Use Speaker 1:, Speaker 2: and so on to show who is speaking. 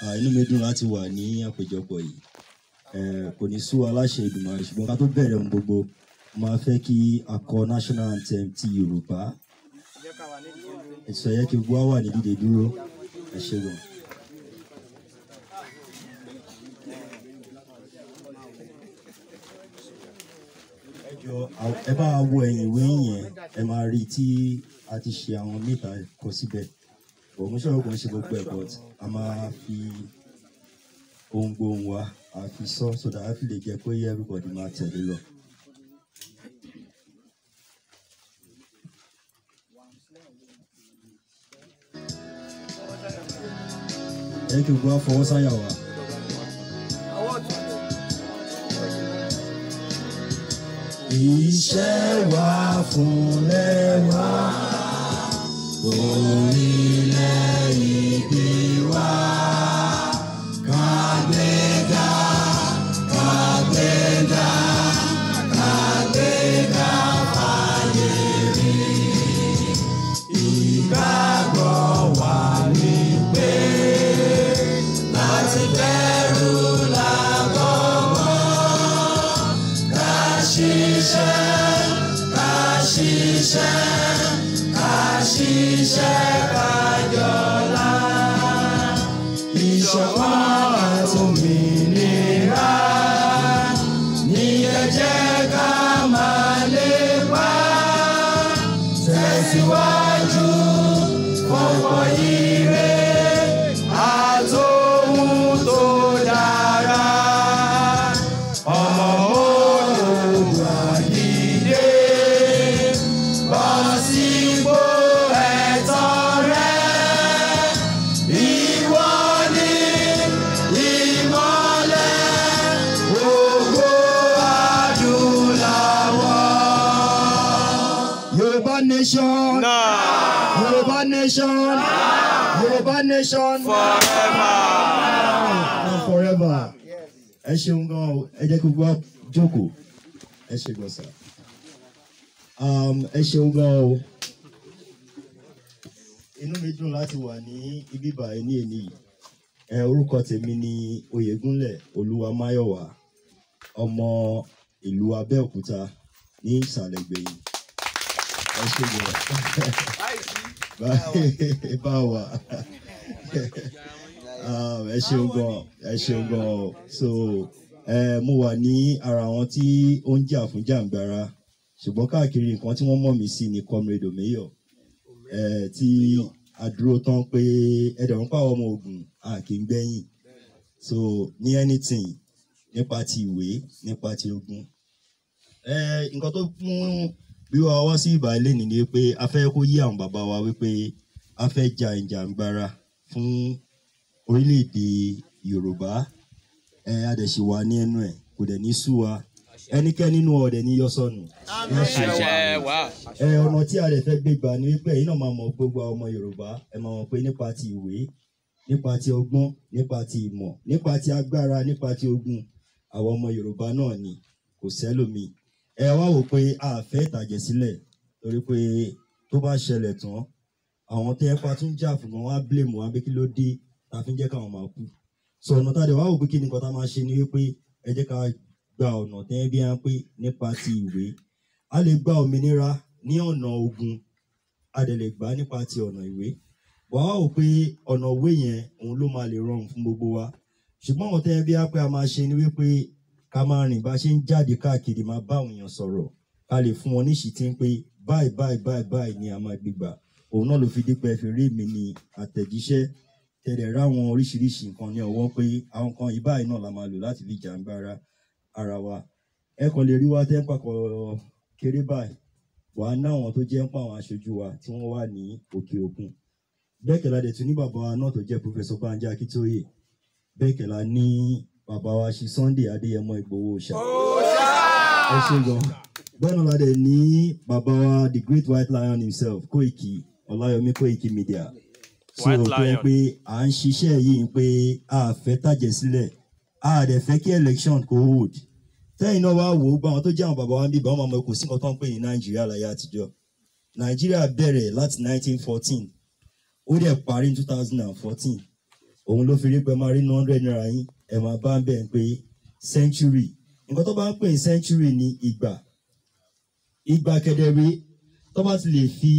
Speaker 1: inú mi dùn láti wà ní àpéjọpọ̀ yìí kò ní sú aláṣẹ Èdùmàrè ṣùgbọ́n ká tó bẹ̀rẹ̀ ohun gbogbo máa fẹ́ kí a kọ national anthem ti Yorùbá ètò ẹ̀yẹ kí gbogbo wà ní dídè dúró ẹ ṣé gan. ẹ bá wo ẹ̀yìn ìwé yẹn ẹ máa rí i tí a ti ṣe àwọn mẹ́ta kọ síbẹ̀ but mo ṣàrò kò ń ṣe gbogbo ẹ̀ but a máa fi ohun gbohun wa a fi sọ so that a fi lè jẹ́ pé everybody máa tẹ̀lé lọ. ẹ kì í gbọ́ fọwọ́ sáyà wa. Iṣẹ́ wa fún lẹ́wà, orin. nation. Now. Yoruba nation. Now. Yoruba nation. Forever. Forever. Ẹ ṣeun gan o, ẹ jẹ́ kí gbogbo jókòó, ẹ ṣe gan sá. Um, ẹ ṣeun gan o. Inú mi dùn láti wà ní ibi báyìí ní èní yìí. Ẹ orúkọ tèmi ni Oyègúnlẹ̀ Olúwamáyọ̀wá, ọmọ ìlú Abẹ́òkúta ní ìsàlẹ̀ gbẹ̀yìn ẹ ṣe gan báwa ah, ẹ ṣeun gan ẹ ṣeun gan so mo wà ní ara àwọn tí ó ń jà fún jàǹgbara ṣùgbọ́n káàkiri nǹkan tí wọ́n mọ̀ mí sí ni comrade omeyo tí adúró tán pé ẹ̀dọ̀rún pàwọ́ ọmọ ogun a kì í gbẹ̀yìn so ní anything nípa ti ìwé nípa ti ogun nǹkan tó mú bí wàá wá sí ìbàlẹ̀ nìyí pé a fẹ́ kó yí àwọn bàbá wa wípé a fẹ́ ja ìjàngbara fún orílẹ̀-èdè Yorùbá ẹ adẹ̀sí wa ní ẹnu ẹ̀ kò dẹ̀ ní sú wa ẹnikẹ́ni nínú ọ̀dẹ̀ ní yọ́sọ̀nù ẹ ọ̀nà tí a rẹ̀ fẹ́ gbé gbà ní wípé ẹ̀yin náà máa mọ̀ gbogbo ọmọ Yorùbá ẹ máa mọ̀ pé nípa ti ìwé nípa ti ọgbọ́n nípa ti ìmọ̀ nípa ti agbára nípa ti ogun àwọn ọmọ Yorùbá náà ni kò sẹ́lòmíì ẹ wá wò pé a fẹ́ ìtàjẹ̀ sílẹ̀ torí pé tó bá ṣẹlẹ̀ tán àwọn tẹ́ pa tún jà fún wọn wá blame wọn pé kí ló dé ta fi ń jẹ́ káwọn máa kú sọ ọ̀nà tá a dẹ̀ wá wò pé kí ni nǹkan tá a máa ṣe ni wípé ẹ jẹ́ ká gba ọ̀nà tẹ́ bí wọ́n pé nípa ti ìwé a lè gba òmìnira ní ọ̀nà ogun a dẹ̀ lè gbà nípa ti ọ̀nà ìwé wàá wò pé ọ̀nà òwe yẹn òun ló máa lè rọrùn fún gbogbo wa ṣùgbọ́n àwọn tẹ́ bí wọ́n pé a máa ṣe ni wípé ká máa rìn bá ṣe ń jáde káàkiri máa bá àwọn èèyàn sọ̀rọ̀ ká lè fún wọn níṣìí tí ń pé báyìí báyìí báyìí báyìí ni a máa gbégbà òun náà ló fi dípẹ́ fi rí mi ní àtẹ̀jíṣẹ́ tẹ̀lẹ̀ ráwọn oríṣiríṣi nǹkan ní ọwọ́ pé àwọn kan yìí náà la máa lò láti fi jàǹbára ara wa ẹ kàn lè rí wa tẹ́ ń papọ̀ kéré báyìí wà á náwọn tó jẹ́ ń pa àwọn aṣojú wa tí wọ́n wà ní òkè òkun bẹ́ẹ̀ kẹ́la dẹ̀ tún ní bàbá wa náà tó jẹ́ pòfẹ́sọ Bánjí Akíntóyè bẹ́ẹ̀ kẹ́la ní bàbá wa ṣe Sunday Adéyẹmọ Ìgbòho ṣá ẹ ṣe gan bẹ́ẹ̀ náà dẹ̀ ní bàbá wa the great white lion himself Koiki Ọláyọmí Koiki Media
Speaker 2: so tó yẹ pé
Speaker 1: à ń ṣiṣẹ́ yìí pé a fẹ́ tàjẹ̀ sílẹ̀ a dẹ̀ fẹ́ kí election kó hold tẹ́yìn náà wá wò ó gbà tó jẹ́ àwọn bàbá wa ń bí bàbá ọmọ ẹ̀kọ́ sí nǹkan tó ń pè ní Nàìjíríà láyé àtijọ́ Nàìjíríà bẹ̀rẹ̀ láti 1914 ó dẹ̀ parí 2014 òun ló fi rí pẹ́ máa rí 100 náírà yín ẹ máa bá ń bẹ̀ ń pé century nǹkan tó bá ń pè ní century ni ìgbà ìgbà kẹdẹrẹ tó bá ti lè fi.